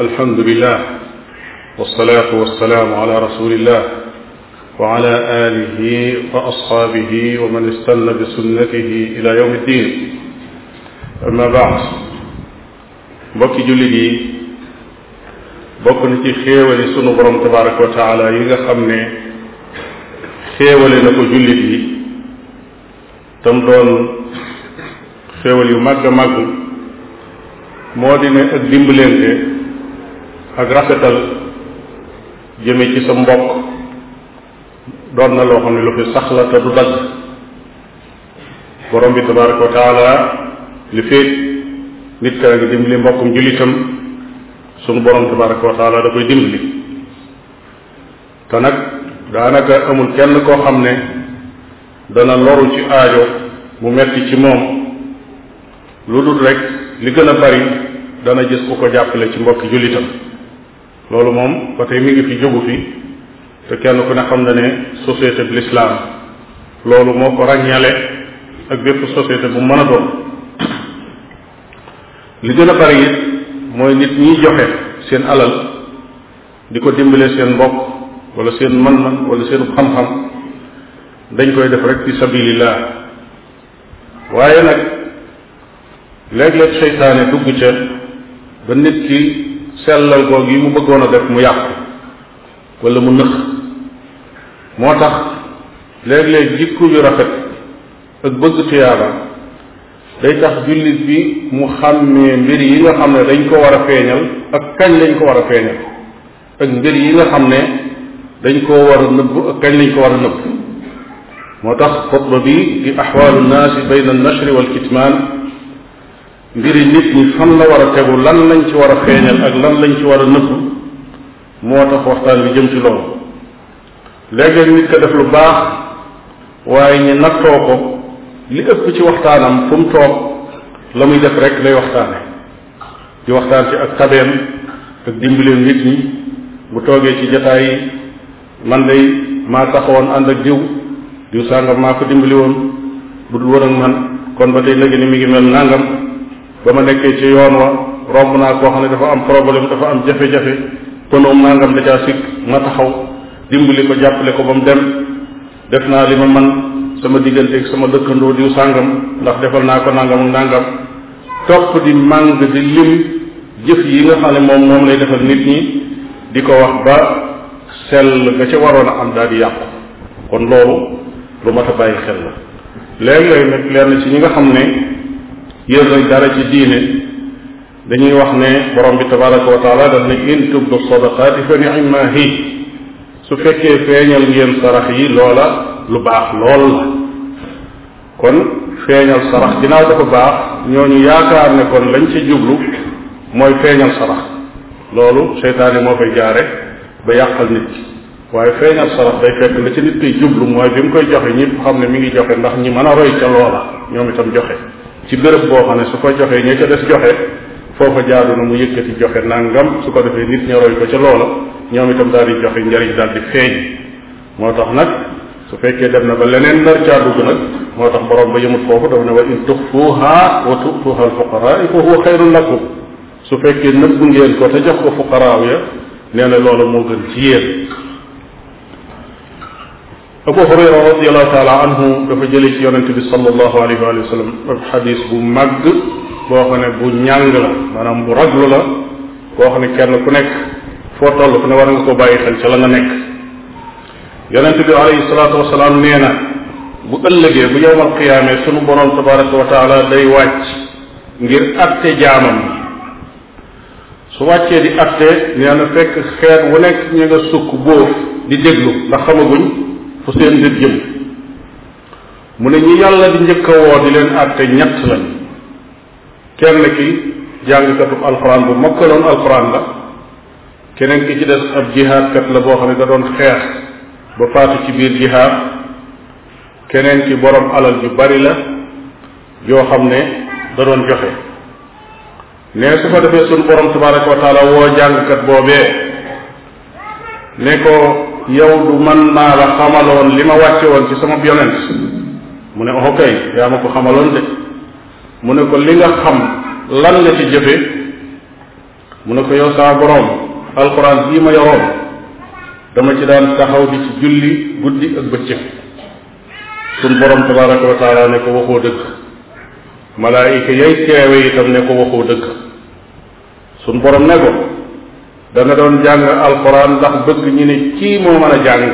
alhamdulilah walsalaatu walsalaamu ala rasulillah wa ala alihi wa ashaabihi wa man istanna bi sunnatihi ila yawmi ddin amma baad mbokki jullit yi bokk na ci xéewali sunu borom tabaraka wa taala yi nga xam ne xéewale na ko jullit yi tam doon xéewal yu màgg a màgg moo di ne ak dimbalante ak rafetal jëme ci sa mbokk doon na loo xam ne lu fi sax te du dagg borom bi tabaraka wa li féet nit kaa ngi dimbali mbokkum jullitam sunu boroom tabaraka wa taala da koy dimbali te nag daanaka amul kenn koo xam ne dana loru ci aajo mu metti ci moom lu dul rek li gën a bari dana gis ku ko jàppale ci mbokki jullitam loolu moom ba tey mi ngi fi jógu fi te kenn ku ne xam na ne société bi l'islam loolu moo ko ràññale ak bépp société bu mën a doon li gën a bari it mooy nit ñiy joxe seen alal di ko dimbalee seen mbokk wala seen man-man wala seen xam-xam dañ koy def rek fi sabilillah waaye nag léeg-léeg seytaane dugg ca ba nit ki sellal googu yi mu bëggoon a def mu yàqu walla mu nëx moo tax léeg-léeg jikko yu rafet ak bëgg tuyaaba day tax jullit bi mu xàmmee mbir yi nga xam ne dañ ko war a feeñal ak kañ lañ ko war a feeñal ak mbir yi nga xam ne dañ koo war a nëbb ak kañ lañ ko war a nëbb moo tax xutba bi di axwaalu naasi bayna annashri wal kitmaan mbiri nit ñi fan la war a tegu lan lañ ci war a feeñal ak lañ ci war a nëbbu moo tax waxtaan bi jëm ci loolu léegi léeg nit ko def lu baax waaye ñi nattoo ko li ëpp ci waxtaanam fu mu toog la muy def rek lay waxtaane di waxtaan ci ak tabeem ak dimbileem nit ñi bu toogee ci jataay yi man day maa taxawoon ànd ak diw diw sàngam maa ko dimbali woon bu dul woon ak man kon ba tey léegi ni mu ngi mel nangam ba ma nekkee ci yoon wa romb naa koo xam ne dafa am problème dafa am jafe-jafe pënoom nangam da caa sikk ma taxaw dimbali ko jàppale ko ba mu dem def naa li ma man sama digganteeg sama dëkkandoo diw sàngam ndax defal naa ko nangam ak nangam topp di màng di lim jëf yi nga xam ne moom moom lay defal nit ñi di ko wax ba sell nga ca waroon a am daal di yàqu kon loolu lu mat a bàyyi xel la léeg-léeg nag leer na ci ñi nga xam ne yër nag dara ci diine dañuy wax ne borom bi tabaraka wa taala daf ne in tubdu sadaqaati fa ni'ma hi su fekkee feeñal ngeen sarax yi loola lu baax lool la kon feeñal sarax ginnaaw dafa baax ñooñu yaakaar ne kon lañ ci jublu mooy feeñal sarax loolu seytaane moo fay jaare ba yàqal nit ki waaye feeñal sarax day fekk la ci nit kiy jublu mooy bi mu koy joxe ñëpp xam ne mi ngi joxe ndax ñi mën a roy ca loola ñoom itam joxe ci béréb boo xam ne su ko joxee ña ca des joxe foofa jaadu na mu yëkkati joxe nangam su ko defee nit ña roy ko ca loola ñoom itam daal di joxe njariñ daal di feeñ moo tax nag su fekkee dem na ba leneen nar caa dugg nag moo tax borom ba yëmut foofu dafa ne wa in tuxfuha wa tutuha alfuqaraa fa huwa xayrun lakum su fekkee nëbbu ngeen ko te jox ko fuqaraaw ya nee na loola moo gën ci Abu Hurayra radiallahu taala anhu dafa jële ci yonente bi sallallahu alayhi wa sallam ak xadis bu màgg boo xam bu ñàng la maanaam bu raglu la boo xam ne kenn ku nekk foo toll ne war nga ko bàyyi xel ca la nga nekk yonente bi bu ëllëgee bu yowmal qiyaamee sunu borom tabaraka wa taala day wàcc ngir su wàccee di atte nee na fekk xeet wu nekk ñu nga sukk bóof di déglu ndax xamaguñ fu seen mbir jëm mu ne ñu yàlla di njëkk a woo di leen àtte ñett lañ kenn ki jàngkatu alxuraan bu mokkaloon alxuraan la keneen ki ci des ab jihaadkat la boo xam ne da doon xeex ba faatu ci biir jihaad keneen ki borom alal ju bari la yoo xam ne da doon joxe ne su ko defee sunu borom tabaraka wa taala woo jàngkat boobee ne ko yow du man maa la xamaloon li ma wàcce woon ci sama yonent mu ne ok yaa ma ko xamaloon de mu ne ko li nga xam lan nga ci jëfe mu ne ko yow saa boroom alxuraan bii ma yoroon dama ci daan taxaw di ci julli guddi ak bëccëg sun borom tabaraka wa taala ne ko waxoo dëgg malaayika yay teewe itam ne ko waxoo dëgg sun borom ne ko da nga doon jàng alxuraan ndax bëgg ñu ne kii moo mën a jàng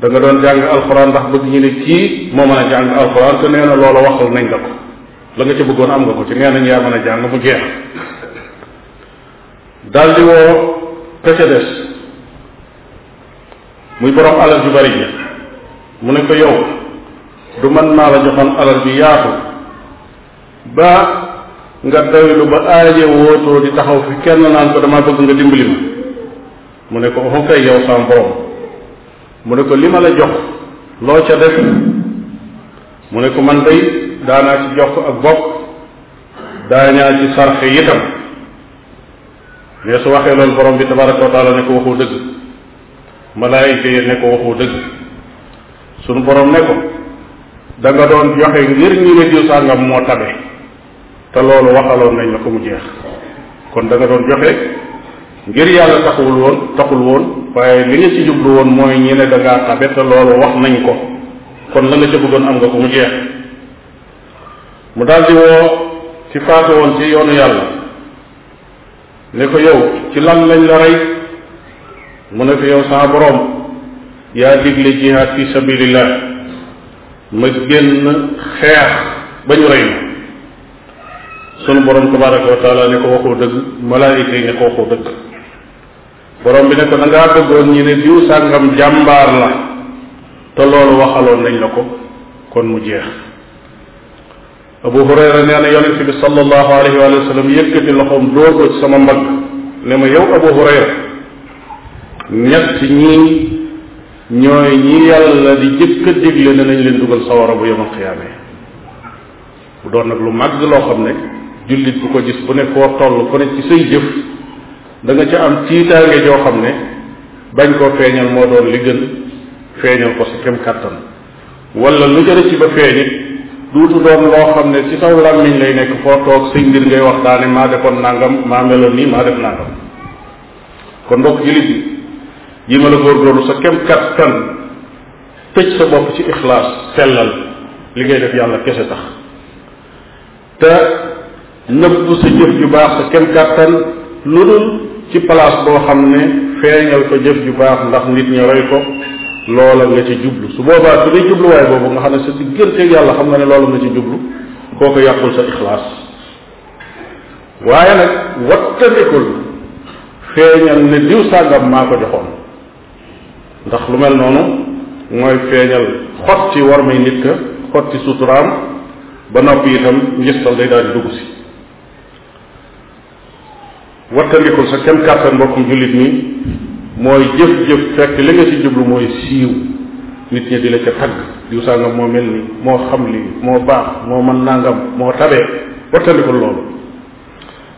da doon jàng alxuraan ndax bëgg ñu ne kii moo mën a jàng alxuraan te nee na loola waxal nañ la ko la nga ci bëggoon am nga ko ci nee nañ yaa mën a jàng mu jeex daldi woo kese des muy borom alal ju bari ji mu ne ko yow du man maa la joxoon alal bi yaatu ba nga doylu ba aaje wootoo di taxaw fi kenn naan ko damaa bëgg nga dimbali ma mu ne ko waxu yow sam borom mu ne ko li ma la jox loo ca def mu ne ko man day daanaa ci jox ak bopp daañaa ci sarxe itam mais su waxee loolu borom bi tabaraka wa ne ko waxu dëgg malaayika yi ne ko waxu dëgg sunu borom ne ko da nga doon joxe ngir ñi ne diw moo tabe te loolu waxaloon nañ la ko mu jeex kon da nga doon joxe ngir yàlla taxul woon taxul woon waaye li nga ci jublu woon mooy ñi ne da tabe te loolu wax nañ ko kon la nga ca bëggoon am nga ko mu jeex mu daldi woo ci faatu woon ci yoonu yàlla ne ko yow ci lan lañ la rey mu ne ko yow saa boroom yaa digle jihaad fi sabilillah ma génn xeex ba ñu rey sunu borom tabaraka wa taala ne ko waxoo dëgg malaayika yi ne ko waxoo dëgg borom bi ne ko da ngaa bëggoon ñi ne diw sàngam jàmbaar la te loolu waxaloon nañ la ko kon mu jeex abu hurayra nee ci ñii ñooy ñi yàlla di jëkk a digle leen dugal sawara bu yemal xiyaamee bu doon nag lu màgg loo xam ne jullit bu ko gis bu ne koo toll ku ne ci say jëf da nga ca am tiitaange joo xam ne bañ koo feeñal moo doon li gën feeñal ko sa kem kàttan wala lu jëre ci ba feeñit duutu doon loo xam ne ci saw làmmiñ lay nekk foo toog say mbir ngay waxtaane maa defoon nangam maa meloon nii maa def nangam kon mbokk jullit yi ma la góorgóorlu sa kem kàttan tëj sa bopp ci ixlaas sellal li ngay def yàlla kese tax te nëbbu sa jëf ju baax sa kem kàttan lu dul ci place boo xam ne feeñal ko jëf ju baax ndax nit ñi roy ko loola nga ci jublu su boobaa su dee jubluwaay boobu nga xam ne sa digganteeg yàlla xam nga ne loolu nga ci jublu kooko yàqul sa ixlaas waaye nag wattandikul feeñal ne diw sàngam maa ko joxoon ndax lu mel noonu mooy feeñal xotti war may nit ka xotti suturaam ba noppi itam ngistal day daal di dugg si wattandikul sa kenn kàttan mbokkum jullit mi mooy jëf-jëf fekk li nga jublu mooy siiw nit ñe di la tagg diw sàngam moo mel ni moo xam li moo baax moo mën nangam moo tabee wattandikul loolu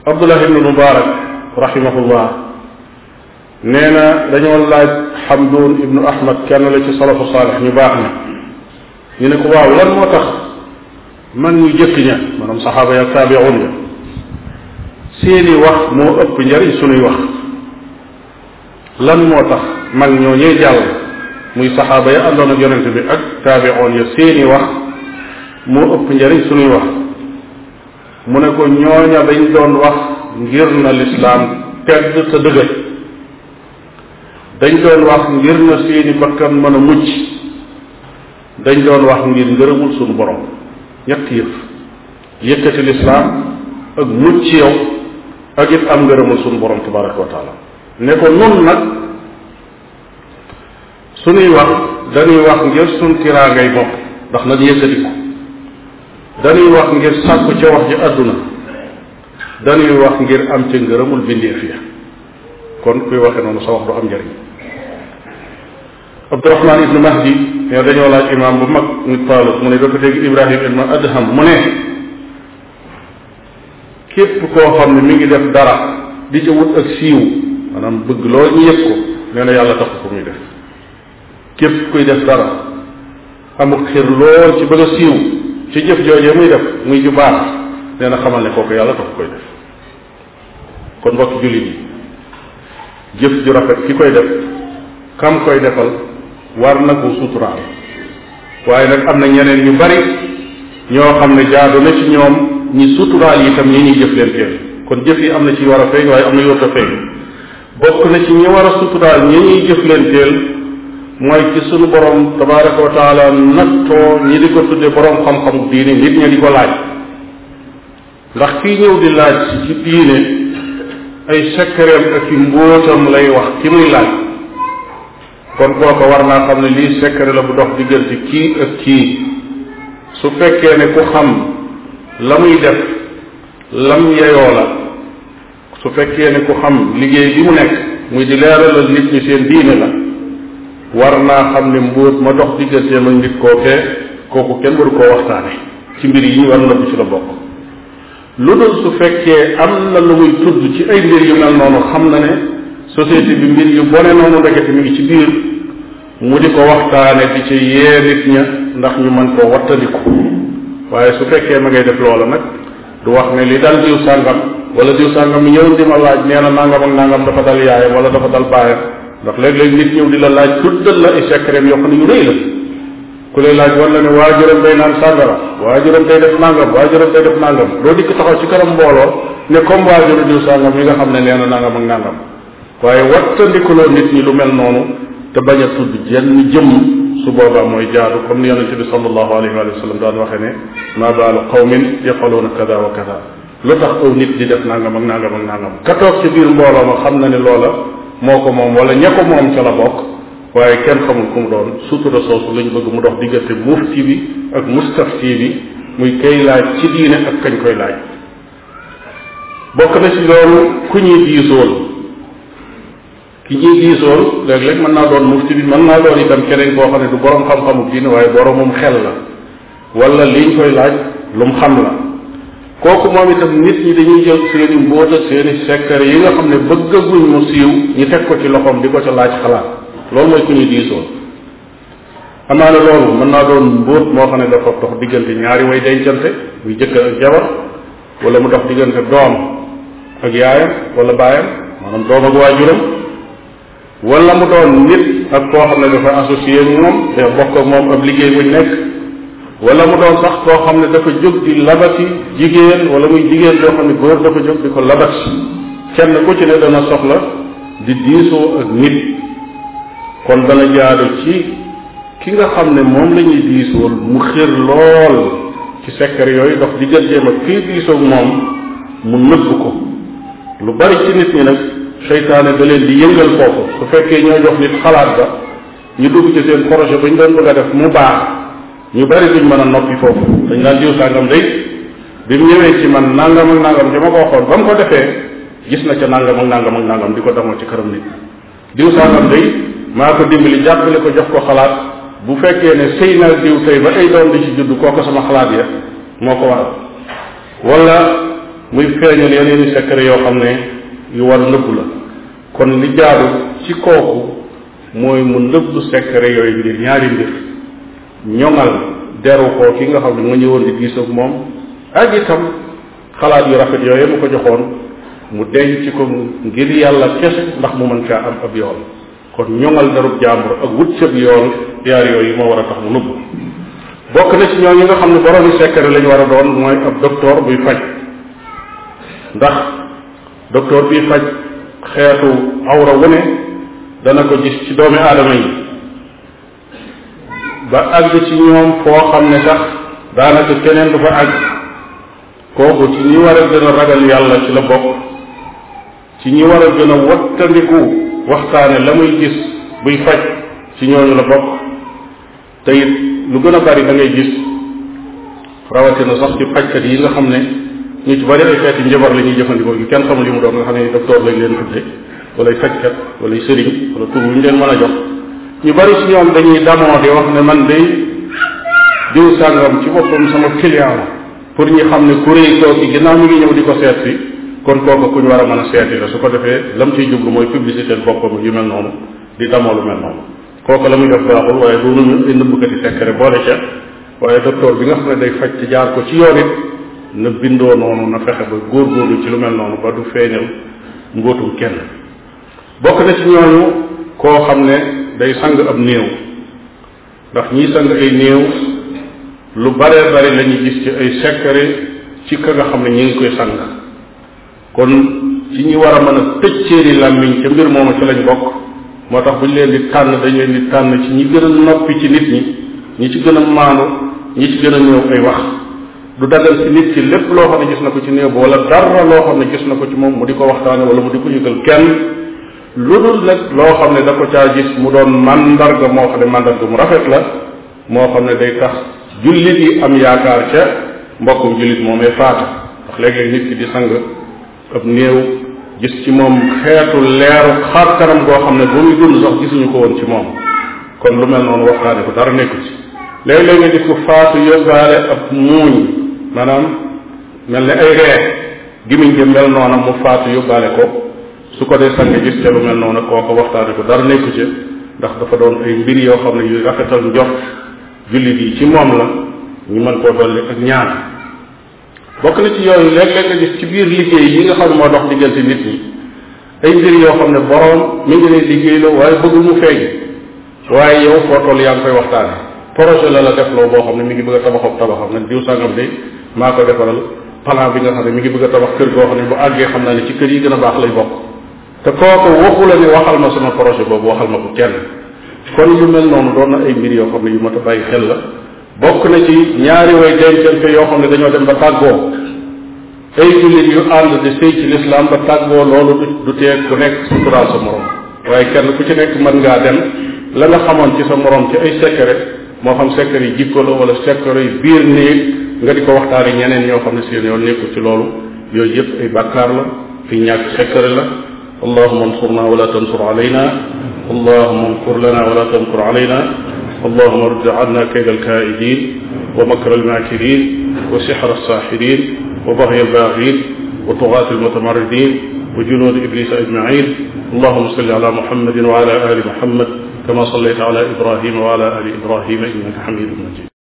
abdullah ibnu mubarak rahimahullah nee na dañoo laaj xamdun ibnu ahmad kenn la ci salafu saalix ñu baax na ñu ne ko lan moo tax man ñu jëkk ña maanaam saxaaba ya taabiun ya seeni wax moo ëpp njariñ sunuy wax lan moo tax mag ñoo ñee jàll muy saxaaba ya àndoon ak yonente bi ak taabiroon ya seeni wax moo ëpp njariñ sunuy wax mu ne ko ñooña dañ doon wax ngir na lislaam tedd te dëgër wax ngir na seeni a mucc dañ doon wax ngir ngërëmul sunu borom ñett yëf yëkkati lislaam ak mucc yow ak am ngërëmul sunu borom tabaraka wa taala ne ko nun nag suñuy wax dañuy wax ngir suñ tiraangay bopp ndax nag yëkkati ko dañuy wax ngir sàkku ca wax ji àdduna dañuy wax ngir am ca ngërëmul bindeef ya kon kuy waxe noonu sa wax du am njëriñ Abdurahman ibnu Mahdi ne dañoo laaj imaam bu mag nit Paalus mu ne dafa Ibrahim ibnu Adham mu ne képp koo xam ne mi ngi def dara di ca wut ak siiw maanaam bëgg lool ñu yëg ko nee na yàlla tax ko muy def képp kuy def dara amul xir lool ci bëgg a siiw ci jëf joojee muy def muy ju baax nee na xamal ne kooku yàlla tax koy def kon mbokk jullit yi jëf ju rafet ki koy def kam koy defal war na ko suturaal waaye nag am na ñeneen ñu bari ñoo xam ne jaadu na ci ñoom ñi suturaal tam ñi ñuy jëflanteel kon jëf yi am na ci war a feeñ waaye am na yoot feeñ bokk na ci ñi war a suturaal ñi ñuy jëflanteel mooy ci sunu borom tabaraka wa taala nattoo ñi di ko tudde borom xam-xamu diine nit ña di ko laaj ndax kii ñëw di laaj ci diine ay sekkareem ak i mbóotam lay wax ki muy laaj kon kooka war naa xam ne lii sekkare la bu dox diggante kii ak kii su fekkee ne ku xam la muy def lam yeyoo la su fekkee ne ku xam liggéey bi mu nekk muy di leeralal nit ñi seen diine la war naa xam ne mbóot ma dox digganteem ma nit kookee kooku kenn waru koo waxtaane ci mbir yi ñu war nëbb ci la bokk lu dul su fekkee am na lu muy tudd ci ay mbir yu mel noonu xam na ne société bi mbir yu bone noonu ndekete mi ngi ci biir mu di ko waxtaane di ci yee ña ndax ñu mën koo wattandiku waaye su fekkee ma ngay def loola nag du wax ne li dal diw sàngam wala diw sàngam mi ñëw di ma laaj nee na nangam ak nangam dafa dal yaayam wala dafa dal baayam ndax léeg-léeg nit ñëw di la laaj la ay secret yoo xam ne ñu rëy laaj war la ne waajuram day naan sàngara waajuram day def nangam waajuram day def nangam doo dikk taxaw ci kanam mbooloo ne comme waajuru diw yi nga xam ne nee na nangam ak nangam waaye wattandikuloo nit ñi lu mel noonu te bañ a tudd jenn jëmm su boobaa mooy jaadu comme ni yonente bi sallallahu alayhi wa sallam daan waxee ne maa baalu qawmin yafaluuna kada wa kada lu tax aw nit di def nangam ak nangam ak nangam ka toog ci biir mbooloo ma xam na ne loola moo ko moom wala ña ko moom ca la bokk waaye kenn xamul ku mu doon sutura soosu lañu bëgg mu dox diggante mufti bi ak mustafti bi muy kay laaj ci diine ak kañ koy laaj bokk na ci loolu ku ñuy diisool ki ñuy diisool léeg-léeg mën naa doon mufti bi mën naa doon itam keneen boo xam ne du borom xam-xamu diine waaye boromum xel la walla liñ koy laaj lum xam la kooku moom itam nit ñi dañuy jël seen i mbóot ak seen i yi nga xam ne bëggaguñ mu siiw ñu teg ko ci loxoom di ko ca laaj xalaat loolu mooy ku ñuy diisool xam ne loolu mën naa doon mbóot moo xam ne dafa dox diggante ñaari way dencante muy jëkkër ak jabar wala mu dox diggante doom ak yaayam wala baayam maanaam doom wala mu doon nit ak koo xam ne dafa associé ak moom te bokk ak moom ab liggéey buñ nekk wala mu doon sax koo xam ne dafa jóg di labati jigéen wala muy jigéen boo xam ne góor dafa jóg di ko labati kenn ku ci ne dana soxla di diisoo ak nit kon dana jaadu ci ki nga xam ne moom la ñuy mu xér lool ci sekkar yooyu dox digganteem ak kii diisoog moom mu nëbb ko lu bari ci nit ñi nag seytaane da leen di yëngal foofu su fekkee ñoo jox nit xalaat ba ñu dugg ci seen projet bu ñu doon bëgg a def mu baax ñu bari duñ mën a noppi foofu dañ daan diw sàngam day bi mu ñëwee ci man nangam ak nangam dama ko waxoon ba mu ko defee gis na ca nangam ak nangam ak nangam di ko damoo ci këram nit diw sàngam day maa ko dimbali jàppale ko jox ko xalaat bu fekkee ne sëy naa diw tey ba ay doom di ci juddu kooku sama xalaat ya moo ko waral wala muy feeñal yeneen i yu war nëbb la kon li jaadu ci kooku mooy mu nëbb secret yooyu mbir ñaari mbir ñoŋal deru koo ki nga xam ne ma ñëwoon di diis ak moom ak itam xalaat yu rafet yooyu ma ko joxoon mu denc ko ngir yàlla kese ndax mu mën caa am ab yoon kon ñoŋal darub jàmbur ak wut sëb yoon yaar yooyu moo war a tax mu nëbb bokk na ci ñooñu nga xam ne boroomi secret lañu war a doon mooy ab docteur buy faj ndax docteur bii faj xeetu awra wu ne dana ko gis ci doomi aadama yi ba àgg ci ñoom foo xam ne sax daanaka keneen du fa àgg kooku ci ñi war a gën a ragal yàlla ci la bokk ci ñi war a gën a wattandiku waxtaane la muy gis buy faj ci ñooñu la bokk te lu gën a bari da ngay gis rawatina sax ci fajkat yi nga xam ne ñu ci bari ay xeeti njabar la ñuy jëfandikoo gi kenn xamul li mu doon nga xam ne docteur lañ leen tudde wala fajkat wala sëriñ wala tur ñu leen mën a jox ñu bari ci ñoom dañuy damoo di wax ne man day diw sàngam ci boppam sama client pour ñu xam ne ku rëy kooki ginnaaw mi ngi ñëw di ko seet si kon kooku ku ñu war a mën a seeti la su ko defee lam ciy jublu mooy publicité boppam yu mel noonu di damoo lu mel noonu kooku la muy def baaxul waaye du nu nëbbkati sekkare boole ca waaye docteur bi nga xam ne day faj ci jaar ko ci yoon it na bindoo noonu na fexe ba góor ci lu mel noonu ba du feeñal mbóotum kenn bokk na ci ñooñu koo xam ne day sang ab néew ndax ñi sang ay néew lu baree bari lañuy ñuy gis ci ay sekkare ci kër nga xam ne ñi ngi koy sang kon ci ñi war a mën a tëj seeni làmmiñ ca mbir moomu ci lañ bokk moo tax bu ñu leen di tànn dañ leen di tànn ci ñi gën a noppi ci nit ñi ñi ci gën a maandu ñi ci gën a néew ay wax du dagal ci nit ki lépp loo xam ne gis na ko ci néew ba wala dara loo xam ne gis na ko ci moom mu di ko waxtaane wala mu di ko yëgal kenn lu dul nag loo xam ne da ko caa gis mu doon mandarga moo xam ne mandarga mu rafet la moo xam ne day tax jullit yi am yaakaar ca mbokkum jullit moomee faata ndax léeg nit ki di sang ab néew gis ci moom xeetu leeru xar kanam goo xam ne bu muy ko woon ci moom kon lu mel noonu waxtaane ko dara faatu yóbbaale ab muuñ maanaam mel ni ay ree gimiñ gi mel noona mu faatu yóbbaale ko su ko dee sange gis ca lu mel noona kooka waxtaane ko dara nekku ca ndax dafa doon ay mbir yoo xam ne yu rafetal njort jullit yi ci moom la ñu mën koo dolli ak ñaan bokk na ci yooyu léeg-léeg ci biir liggéey yi nga xam moo dox diggante nit ñi ay mbir yoo xam ne boroom mi ngi lay liggéey la waaye bëggul mu feeñ waaye yow foo yaa ngi koy waxtaane projet la la defloo boo xam ne mi ngi bëgg a tabaxoon tabaxam nag diw sangam de maa ko defaral plan bi nga xam ne mi ngi bëgg a tabax kër goo xam ne bu àggee xam naa ne ci kër yi gën a baax lay bokk te kooku waxu la ne waxal ma sama projet boobu waxal ma ko kenn kon yu mel noonu doon na ay mbir yoo xam ne yu mat a bàyyi xel la bokk na ci ñaari way dencante yoo xam ne dañoo dem ba tàggoo ay jullit yu ànd di sëy ci lislaam ba tàggoo loolu du tee ku nekk suturaal sa morom waaye kenn ku ci nekk mën ngaa dem la nga xamoon ci sa morom ci ay secret moo xam secteur yi jikko la wala secteur yi biir néeg nga di ko waxtaane ñeneen ñoo xam ne seen yoon nekkul ci loolu yooyu yëpp ay bàkkaar la fi ñàkk secteur la allahuma ansurna wala tansur alayna allahuma ankur lana wala tankur alayna allahuma rudd anna kayda alkaidin wa makra almakirin wa sixra alsaxirin wa baxya albaaxin wa tugaat almutamarridin wa junud iblis ajmain allahuma salli ala muhammadin wa ala ali muhammad kama sallayta ala ibrahima wa ala ali ibrahima innaka xamidun majid